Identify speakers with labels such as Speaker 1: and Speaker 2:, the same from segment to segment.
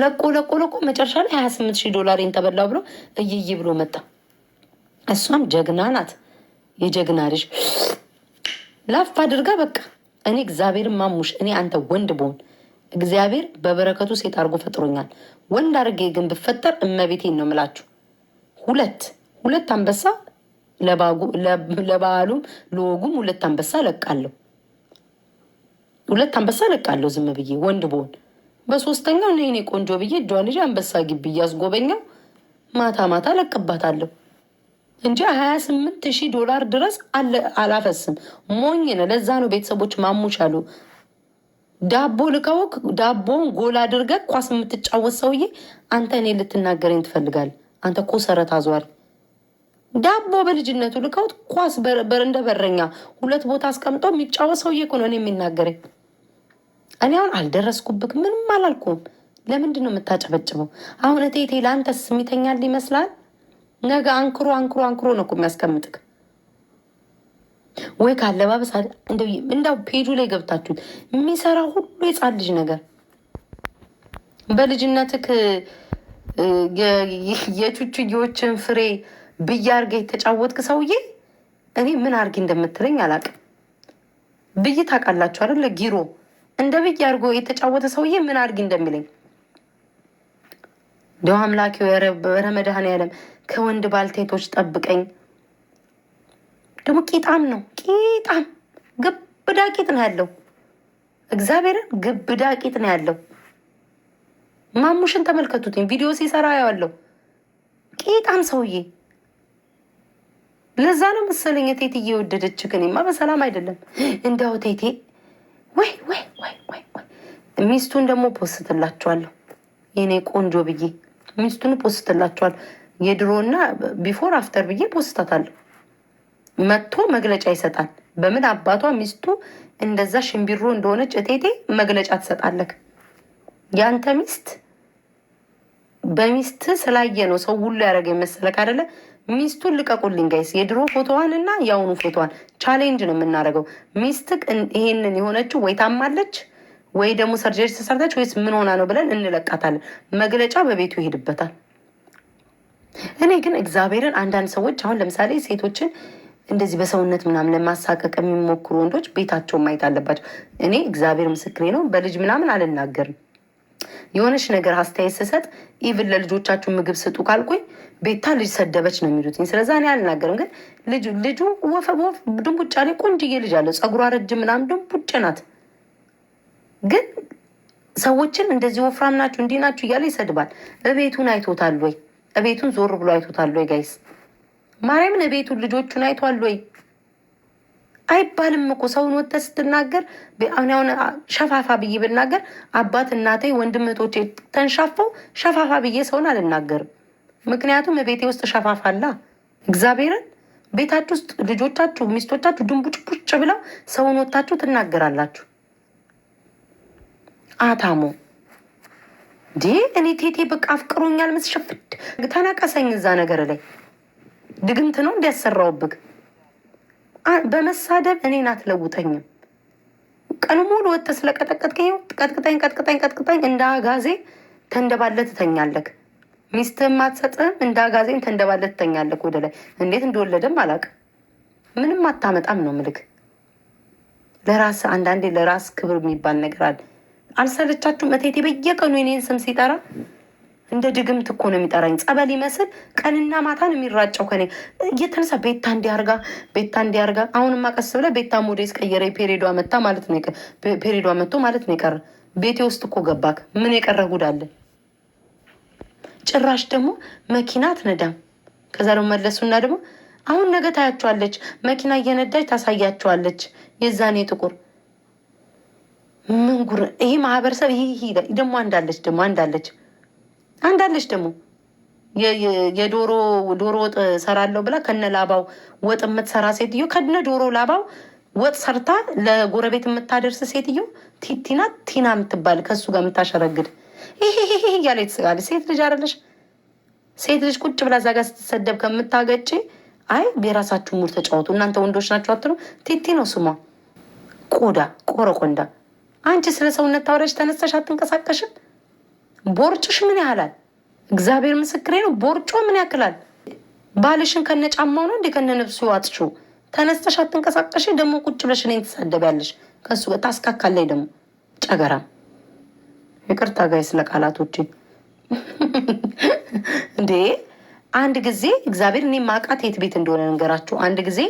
Speaker 1: ለቆ ለቆ ለቆ መጨረሻ ላይ ሀያ ስምንት ሺህ ዶላር ተበላ ብሎ እይይ ብሎ መጣ። እሷም ጀግና ናት፣ የጀግና ልጅ ላፍ አድርጋ በቃ እኔ እግዚአብሔር ማሙሽ እኔ አንተ ወንድ ቦን እግዚአብሔር በበረከቱ ሴት አድርጎ ፈጥሮኛል። ወንድ አድርጌ ግን ብፈጠር እመቤቴን ነው ምላችሁ። ሁለት ሁለት አንበሳ ለበዓሉም ለወጉም ሁለት አንበሳ ለቃለሁ፣ ሁለት አንበሳ ለቃለሁ ዝም ብዬ ወንድ በሆን በሶስተኛው እኔ እኔ ቆንጆ ብዬ እጇን ልጅ አንበሳ ግቢ እያስጎበኘው ማታ ማታ ለቅባታለሁ እንጂ ሀያ ስምንት ሺህ ዶላር ድረስ አላፈስም። ሞኝ ነው። ለዛ ነው ቤተሰቦች ማሙች አሉ። ዳቦ ልከውክ ዳቦን ጎል አድርገ ኳስ የምትጫወት ሰውዬ አንተ እኔ ልትናገረኝ ትፈልጋል አንተ እኮ ሰረት አዟል። ዳቦ በልጅነቱ ልከውት ኳስ በረንደ በረኛ ሁለት ቦታ አስቀምጦ የሚጫወት ሰውዬ እኮ ነው እኔ የሚናገረኝ። እኔ አሁን አልደረስኩብክ፣ ምንም አላልኩም። ለምንድን ነው የምታጨበጭበው? አሁን እቴቴ ለአንተ ስሚተኛል ይመስላል። ነገ አንክሮ አንክሮ አንክሮ ነው እኮ የሚያስቀምጥክ። ወይ ከአለባበስ እንዳው ፔጁ ላይ ገብታችሁት የሚሰራ ሁሉ የጻን ልጅ ነገር በልጅነትክ የቹችዬዎችን ፍሬ ብዬ አርገ የተጫወትክ ሰውዬ እኔ ምን አድርጌ እንደምትለኝ አላቅም። ብይ ታውቃላችሁ አይደል? ጊሮ እንደ ብዬ አድርጎ የተጫወተ ሰውዬ ምን አድርግ እንደሚለኝ ደው አምላኪ ረመዳን ያለም ከወንድ ባልቴቶች ጠብቀኝ። ደግሞ ቂጣም ነው ቂጣም፣ ግብዳ ቂጥ ነው ያለው። እግዚአብሔርን ግብዳ ቂጥ ነው ያለው። ማሙሽን ተመልከቱትኝ፣ ቪዲዮ ሲሰራ ያለው ቂጣም ሰውዬ። ለዛ ነው መሰለኝ ቴቴ እየወደደች፣ ማ በሰላም አይደለም እንደው ቴቴ ወይ ወይ ወይ ወይ ሚስቱን ደግሞ ፖስትላቸዋለሁ የኔ ቆንጆ ብዬ ሚስቱን ፖስትላቸዋለሁ። የድሮና ቢፎር አፍተር ብዬ ፖስታታለሁ። መጥቶ መግለጫ ይሰጣል። በምን አባቷ ሚስቱ እንደዛ ሽንቢሮ እንደሆነች እቴቴ መግለጫ ትሰጣለክ። የአንተ ሚስት በሚስት ስላየ ነው ሰው ሁሉ ያደረገ የመሰለክ አይደለ? ሚስቱን ልቀቁልኝ ጋይስ። የድሮ ፎቶዋን እና የአሁኑ ፎቶዋን ቻሌንጅ ነው የምናደርገው። ሚስትክ ይሄንን የሆነችው ወይ ታማለች ወይ ደግሞ ሰርጀሪ ተሰርታች ወይስ ምን ሆና ነው ብለን እንለቃታለን። መግለጫ በቤቱ ይሄድበታል። እኔ ግን እግዚአብሔርን አንዳንድ ሰዎች አሁን ለምሳሌ ሴቶችን እንደዚህ በሰውነት ምናምን ለማሳቀቅ የሚሞክሩ ወንዶች ቤታቸውን ማየት አለባቸው። እኔ እግዚአብሔር ምስክሬ ነው፣ በልጅ ምናምን አልናገርም። የሆነች ነገር አስተያየት ስሰጥ ኢቭን ለልጆቻችሁ ምግብ ስጡ ካልኩኝ ቤታ ልጅ ሰደበች ነው የሚሉትኝ። ስለዛ እኔ አልናገርም። ግን ልጁ ወፈ ወፍ ድንቡጫ ላይ ቆንጅዬ ልጅ አለው፣ ፀጉሯ ረጅም ምናምን ድንቡጭ ናት። ግን ሰዎችን እንደዚህ ወፍራም ናችሁ እንዲህ ናችሁ እያለ ይሰድባል። እቤቱን አይቶታል ወይ? እቤቱን ዞር ብሎ አይቶታል ወይ? ጋይስ ማርያምን እቤቱን ልጆቹን አይቷል ወይ? አይባልም እኮ ሰውን ወጥተህ ስትናገር ሁን ሸፋፋ ብዬ ብናገር አባት እናቴ፣ ወንድም እህቶቼ ተንሻፈው ሸፋፋ ብዬ ሰውን አልናገርም። ምክንያቱም ቤቴ ውስጥ ሸፋፋላ እግዚአብሔርን ቤታችሁ ውስጥ ልጆቻችሁ፣ ሚስቶቻችሁ ድንቡጭ ቡጭ ብለው ሰውን ወጥታችሁ ትናገራላችሁ። አታሞ ዲ እኔ ቴቴ በቃ አፍቅሮኛል ምስሸፍድ ተነቀሰኝ እዛ ነገር ላይ ድግምት ነው እንዲያሰራውብግ በመሳደብ እኔን አትለውጠኝም። ቀኑ ሙሉ ወጥተ ስለቀጠቀጥከኝ ቀጥቅጠኝ ቀጥቅጠኝ ቀጥቅጠኝ እንደ አጋዜ ተንደባለ ትተኛለክ ሚስትህም አትሰጥህም። እንደ አጋዜን ተንደባለ ትተኛለክ ወደ ላይ እንዴት እንደወለደም አላውቅም። ምንም አታመጣም ነው ምልክ ለራስ አንዳንዴ ለራስ ክብር የሚባል ነገር አለ። አልሰለቻችሁም? እቴቴ በየቀኑ የኔን ስም ሲጠራ እንደ ድግምት እኮ ነው የሚጠራኝ። ጸበል ይመስል ቀንና ማታ ነው የሚራጨው ከኔ እየተነሳ ቤታ እንዲያርጋ ቤታ እንዲያርጋ። አሁንማ ቀስ ብለ ቤታ ሞዴስ ቀየረ። ፔሬዷ መታ ማለት ነው ፔሬዷ መጥቶ ማለት ነው የቀረ ቤቴ ውስጥ እኮ ገባክ። ምን የቀረ ጉዳለ? ጭራሽ ደግሞ መኪና አትነዳም። ከዛ ደግሞ መለሱና ደግሞ አሁን ነገ ታያቸዋለች፣ መኪና እየነዳች ታሳያቸዋለች። የዛኔ ጥቁር ምንጉር ይሄ ማህበረሰብ ይሄ ደግሞ አንዳለች ደግሞ አንዳለች አንዳለች ደግሞ የዶሮ ዶሮ ወጥ ሰራለሁ ብላ ከነ ላባው ወጥ የምትሰራ ሴትዮ ከነ ዶሮ ላባው ወጥ ሰርታ ለጎረቤት የምታደርስ ሴትዮ ቲና ቲና የምትባል ከሱ ጋር የምታሸረግድ ይሄ እያለ የተስቃለ ሴት ልጅ አለሽ። ሴት ልጅ ቁጭ ብላ እዛ ጋር ስትሰደብ ከምታገጭ አይ የራሳችሁ ሙር ተጫወቱ እናንተ ወንዶች ናቸው አትሉ። ቲቲ ነው ስሟ፣ ቆዳ ቆረቆንዳ። አንቺ ስለ ሰውነት ታወሪያች ተነሳሽ አትንቀሳቀሽም። ቦርጭሽ ምን ያህላል? እግዚአብሔር ምስክሬ ነው። ቦርጮ ምን ያክላል? ባልሽን ከነጫማው ነው እንዴ ከነነብሱ አጥሽው ተነስተሽ አትንቀሳቀሽ። ደግሞ ቁጭ ብለሽ እኔን ትሳደቢያለሽ። ከሱ ታስካካለኝ ደግሞ ጨገራ። ይቅርታ ጋይ ስለ ቃላቶች እንዴ። አንድ ጊዜ እግዚአብሔር እኔ ማቃት የት ቤት እንደሆነ ነገራችሁ። አንድ ጊዜ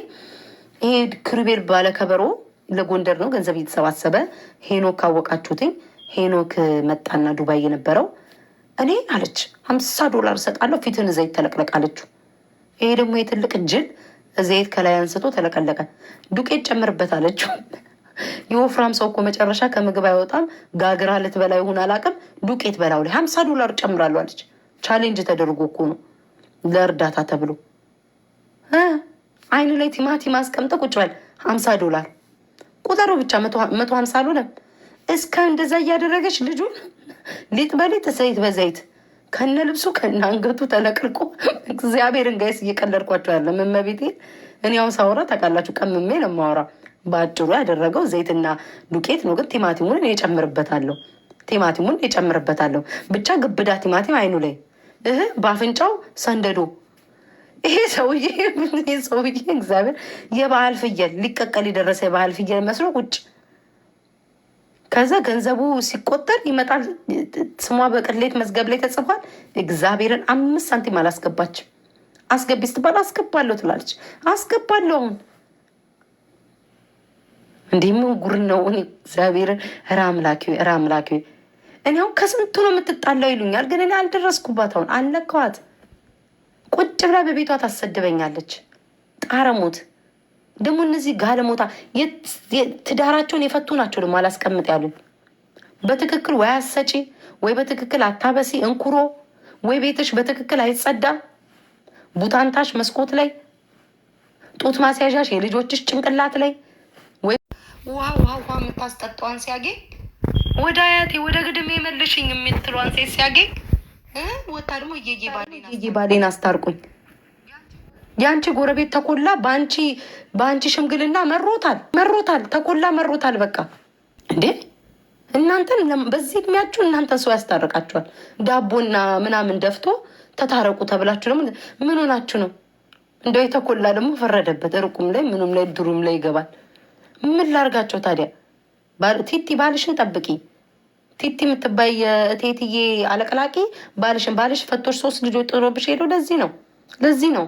Speaker 1: ይሄ ክሩቤል ባለከበሮ ለጎንደር ነው ገንዘብ እየተሰባሰበ ሄኖ ካወቃችሁትኝ ሄኖክ መጣና ዱባይ የነበረው እኔ አለች ሀምሳ ዶላር ሰጣለሁ ፊትን ዘይት ተለቅለቅ አለችው። ይሄ ደግሞ የትልቅ ጅል ዘይት ከላይ አንስቶ ተለቀለቀ። ዱቄት ጨምርበት አለችው። የወፍራም ሰው እኮ መጨረሻ ከምግብ አይወጣም። ጋግራ ልትበላ ይሁን አላውቅም። ዱቄት በላው ላይ ሀምሳ ዶላር ጨምራለሁ አለች። ቻሌንጅ ተደርጎ እኮ ነው ለእርዳታ ተብሎ አይን ላይ ቲማቲም አስቀምጠ ቁጭ በል ሀምሳ ዶላር ቁጠሩ ብቻ መቶ ሀምሳ አልሆነም እስከ እንደዛ እያደረገች ልጁ ሊጥ በሊጥ ዘይት በዘይት ከነ ልብሱ ከነ አንገቱ ተለቅልቆ እግዚአብሔርን ጋይስ እየቀለድኳቸው ያለ መመቤቴ እኔ ያው ሳውራ ታውቃላችሁ፣ ቀምሜ ነው የማወራ። በአጭሩ ያደረገው ዘይትና ዱቄት ነው፣ ግን ቲማቲሙን እኔ እጨምርበታለሁ። ቲማቲሙን እጨምርበታለሁ ብቻ ግብዳ ቲማቲም አይኑ ላይ እህ በአፍንጫው ሰንደዶ። ይሄ ሰውዬ ሰውዬ እግዚአብሔር የባህል ፍየል ሊቀቀል የደረሰ የባህል ፍየል መስሎ ቁጭ ከዛ ገንዘቡ ሲቆጠር ይመጣል። ስሟ በቅሌት መዝገብ ላይ ተጽፏል። እግዚአብሔርን አምስት ሳንቲም አላስገባችም። አስገቢ ስትባል አስገባለሁ ትላለች። አስገባለሁ አሁን እንዲህ ምን ጉር ነው? እኔ እግዚአብሔርን ኧረ አምላኬ ኧረ አምላኬ እኔ አሁን ከስንቱ ነው የምትጣላው ይሉኛል። ግን እኔ አልደረስኩባት። አሁን አለከዋት ቁጭ ብላ በቤቷ ታሰድበኛለች። ጣረሙት ደግሞ እነዚህ ጋለሞታ ትዳራቸውን የፈቱ ናቸው። ደግሞ አላስቀምጥ ያሉ በትክክል ወይ አሰጪ ወይ በትክክል አታበሲ እንኩሮ ወይ ቤትሽ በትክክል አይጸዳ ቡታንታሽ መስኮት ላይ፣ ጡት ማስያዣሽ የልጆችሽ ጭንቅላት ላይ
Speaker 2: ውሃ ውሃ ውሃ የምታስጠጧን ሲያገኝ ወደ አያቴ ወደ ግድሜ መልሽኝ የምትሏን ሴት ሲያገኝ ወታ ደግሞ
Speaker 1: እየጌ ባሌን አስታርቁኝ የአንቺ ጎረቤት ተኮላ በአንቺ በአንቺ ሽምግልና መሮታል መሮታል ተኮላ መሮታል። በቃ እንዴ እናንተን በዚህ እድሜያችሁ እናንተን ሰው ያስታርቃችኋል። ዳቦና ምናምን ደፍቶ ተታረቁ ተብላችሁ ደግሞ ምን ሆናችሁ ነው? እንደ የተኮላ ደግሞ ፈረደበት። እርቁም ላይ ምኑም ላይ ድሩም ላይ ይገባል። ምን ላርጋቸው ታዲያ? ቲቲ ባልሽን ጠብቂ። ቲቲ የምትባይ የእቴትዬ አለቅላቂ ባልሽን ባልሽ ፈቶች ሶስት ልጆች ጥሮብሽ ሄዶ ለዚህ ነው ለዚህ ነው